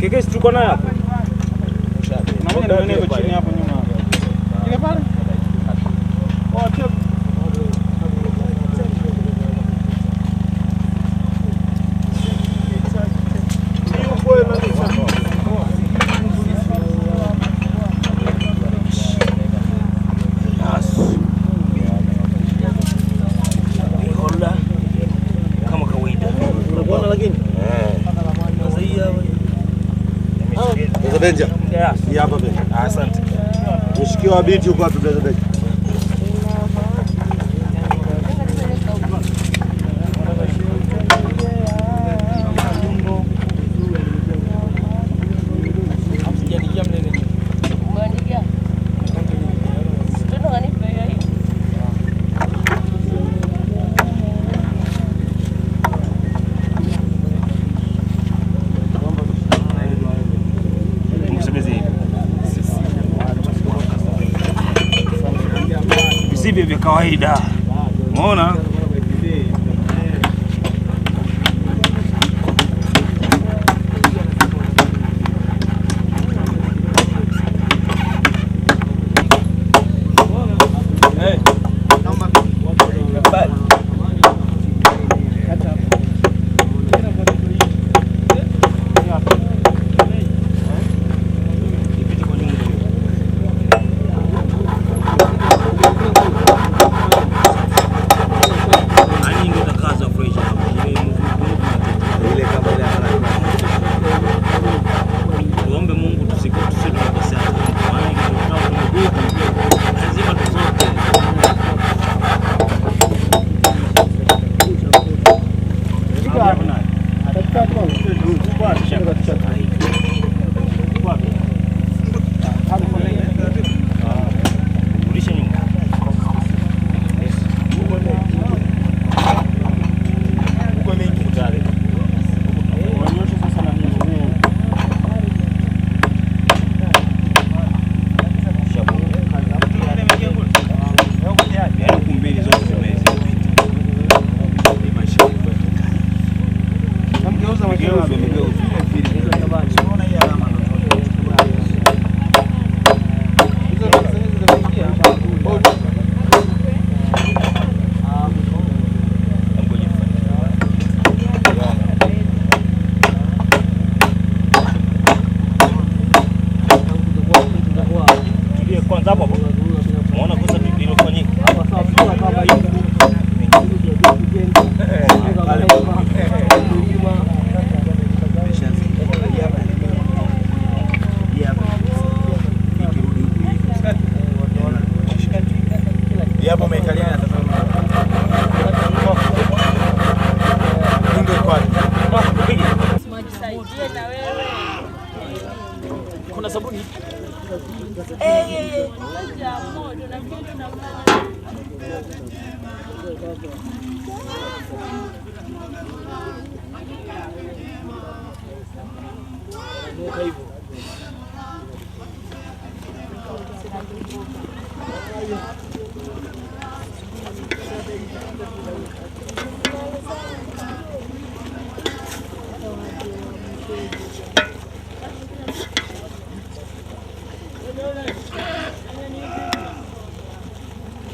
Kikesi tuko naye hapo. Chini hapo. lakini eh. Benja. Hii hapa Benja. Asante. Mshikio wa biti uko wapi Benja? kawaida, umeona. momento aliena. Mundur um Wah, begini.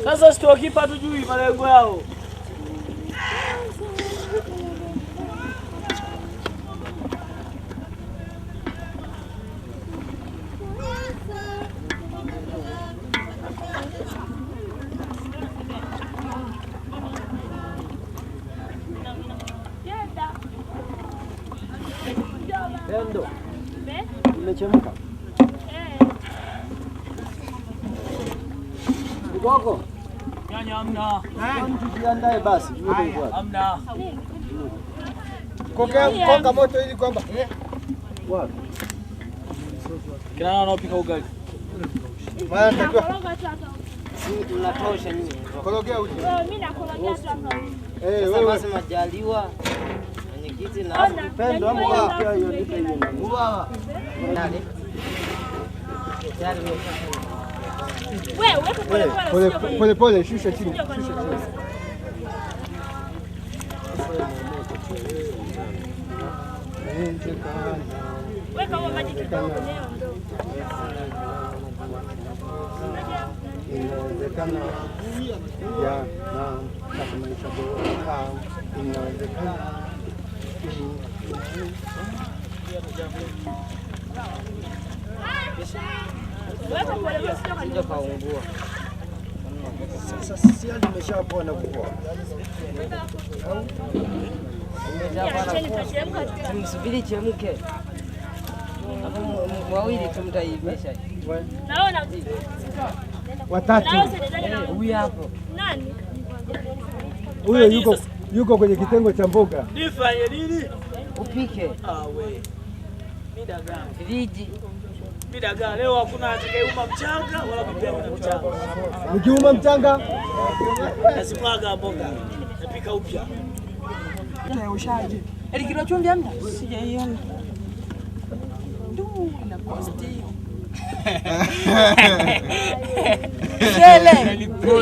para sitoki patu juu marengwao Chemka Mkoko nyanya, hamna mtu, eh? jiandae basi. Hamna kokea koka moto ili kwamba eh? kila anaopika ugali majaliwa oh, eh, mwenyekiti na mpendo oh, Pole pole, shusha chini. Inawezekana ya sasa tumsubiri chemke wawili watatu. Eh, huyu hapo huyo yuko yuko kwenye kitengo cha mboga, nifanye nini? Upike wewe. Ah, viji midagaa. Leo hakuna atakayeuma mchanga wala kupeana mchanga. Nikiuma mchanga nasimwaga mboga, napika upya. Ushaje eli kilo chumvi amna? Sijaiona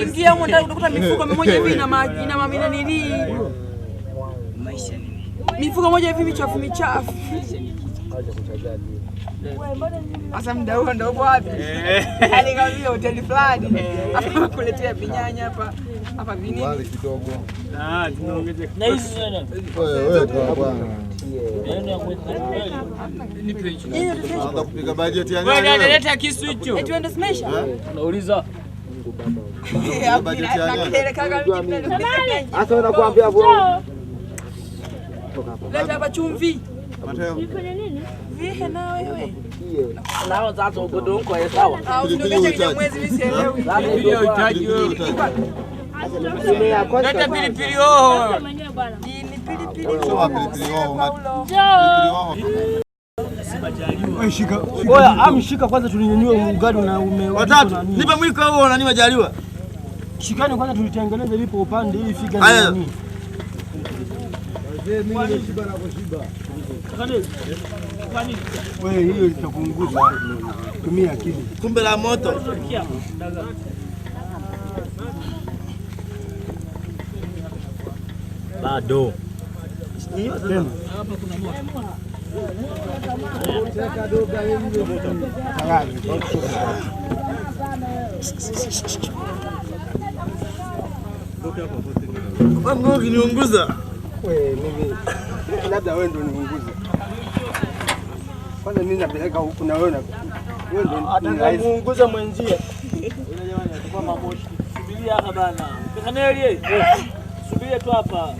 ingia humo ndani mifuko mmoja hivi ina maji na mamina nini, mifuko moja hivi michafu michafu sasa muda huo ndio upo wapi? Eh. Yaani kama vile hoteli fulani eh. kuletea vinyanya hapa hapa vinini. Wali kidogo. Ah, tunaongeza. Na hizi nani? Wewe wewe tu bwana. leta kisu hicho. Eti uende smesha? Eh? Nauliza. Leta hapa chumvi. Mateo. Ah, Leta pilipili hoho. Oya, amshika kwanza tulinyanyue ugali na ume. Watatu. Nipe mwiko huo na majaliwa. Shikani kwanza tulitengeneze lipo upande ili fika nini. Wewe hiyo itakuunguza, tumia akili. Kumbe la moto bado ukiniunguza, labda wewe ndio niunguza kwanza mimi napeleka huku na wewe atamuunguza mwenzie. hapa bana. tu hapa.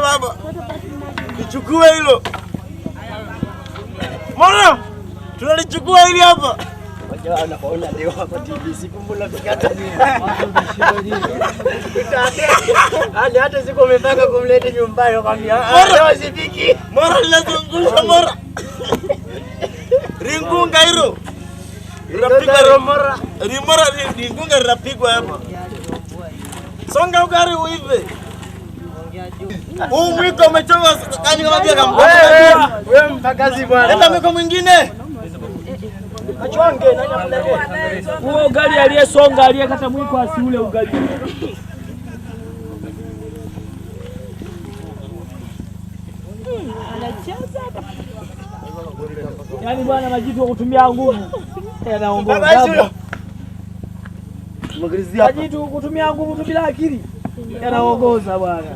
baba. hilo. Mbona? Tunalichukua hili hapa hata siku umepaka kumleta nyumbani, wakwambia mora linazungusha mora ringunga hilo rimora ringunga linapigwa hapo. Eh. Songa ugari uive. Huu mwiko umechoma kani kama pia kamgonga. Wewe mpagazi bwana. Leta mwiko mwingine. Huo ugali aliyesonga aliyekata mwiko asiule ugali. Yaani bwana majitu kutumia nguvu. Yanaongoza. Majitu kutumia nguvu tu bila akili. Yanaongoza bwana.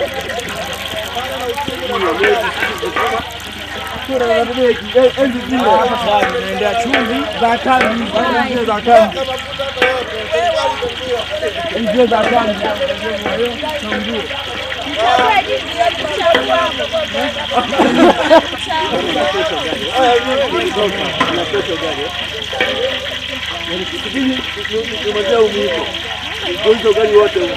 Naendea chumvi za kambi, nje za kambi, nje za kambi ndio ugali wote huu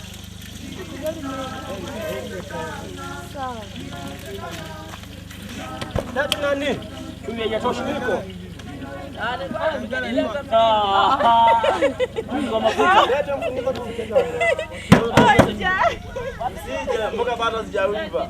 nani? Tumia jatoshi niko. Mboga bado zijaiva.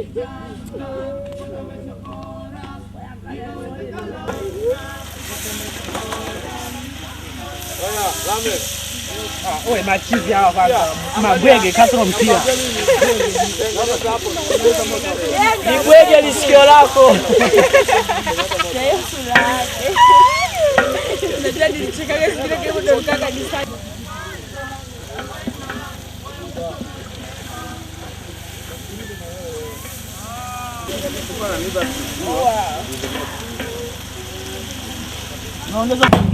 Oe, machizi hawa kwanza, mabwege kasoma mpira. Ni bwege lisikio lako. wow, Naongeza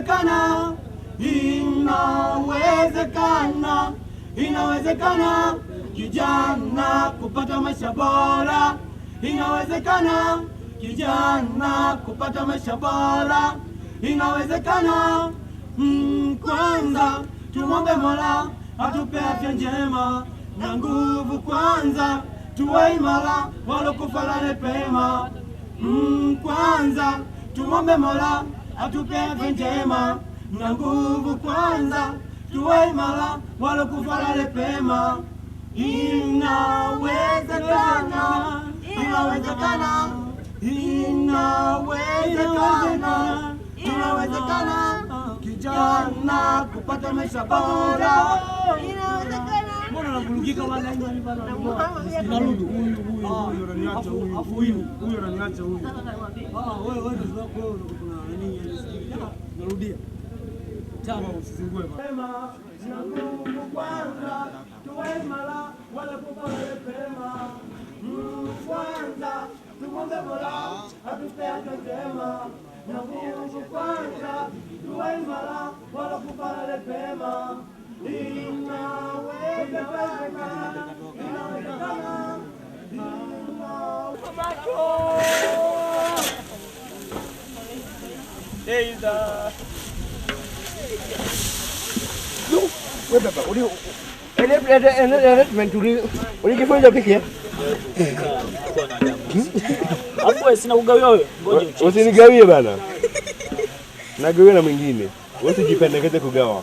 inawezekana, inawezekana, inawezekana kijana kupata maisha bora, inawezekana kijana kupata maisha bora, inawezekana. Hmm, kwanza tumombe Mola atupe afya njema na nguvu, kwanza tuwe imara, walokufa lale pema. Hmm, kwanza tumombe Mola atupe afya njema na nguvu kwanza, tuwe imara, walokufa walale pema. Inawezekana, inawezekana, inawezekana, inawezekana kijana kupata maisha bora anavurugika bwana, hivi hivi bwana, ananiacha huyu ah, Narudia tano, usizingue bwana. Pema na Mungu kwanza, tuwe imara wala kukosa pema. Mungu kwanza, tumwombe Mola atupe afya njema. Na Mungu kwanza, tuwe imara wala kukosa pema ulijifunza peke yako? Usinigawie bana, nagawie na mwingine, usijipendekeze kugawa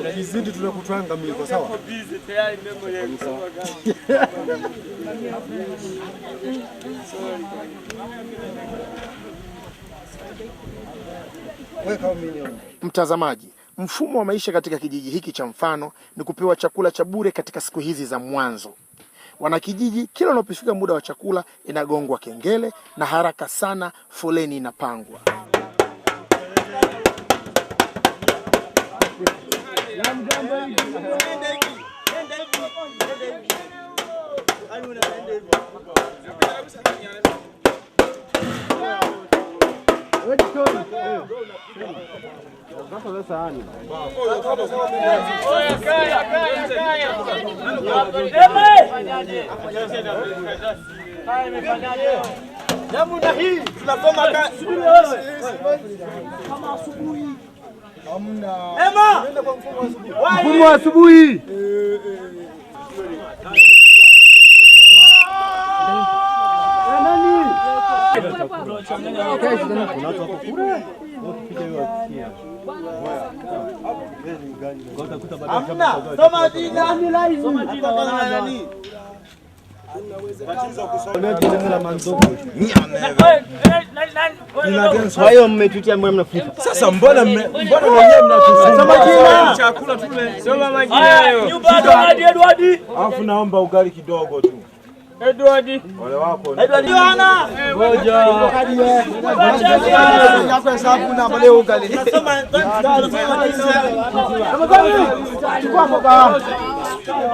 Unajizidi, tunakutwanga miko sawa. Mtazamaji, mfumo wa maisha katika kijiji hiki cha Mfano ni kupewa chakula cha bure katika siku hizi za mwanzo. Wanakijiji kila unapofika muda wa chakula inagongwa kengele na haraka sana foleni inapangwa. Namna hii tunasoma kama asubuhi mfumo wa asubuhi. Eh, eh, eh. Hamna, soma jina. Kwa hiyo mmetutia mbona mnafuta? Sasa mbona mbona wenyewe mnatufuta? Sema jina. Chakula tule. Sema majina hayo. Nyumba Edward Edward. Alafu naomba ugali kidogo tu. Edward. Wale wako. Edward. Bwana. Ngoja. Yako hesabu na wale ugali. Nasoma. Chukua mboga. One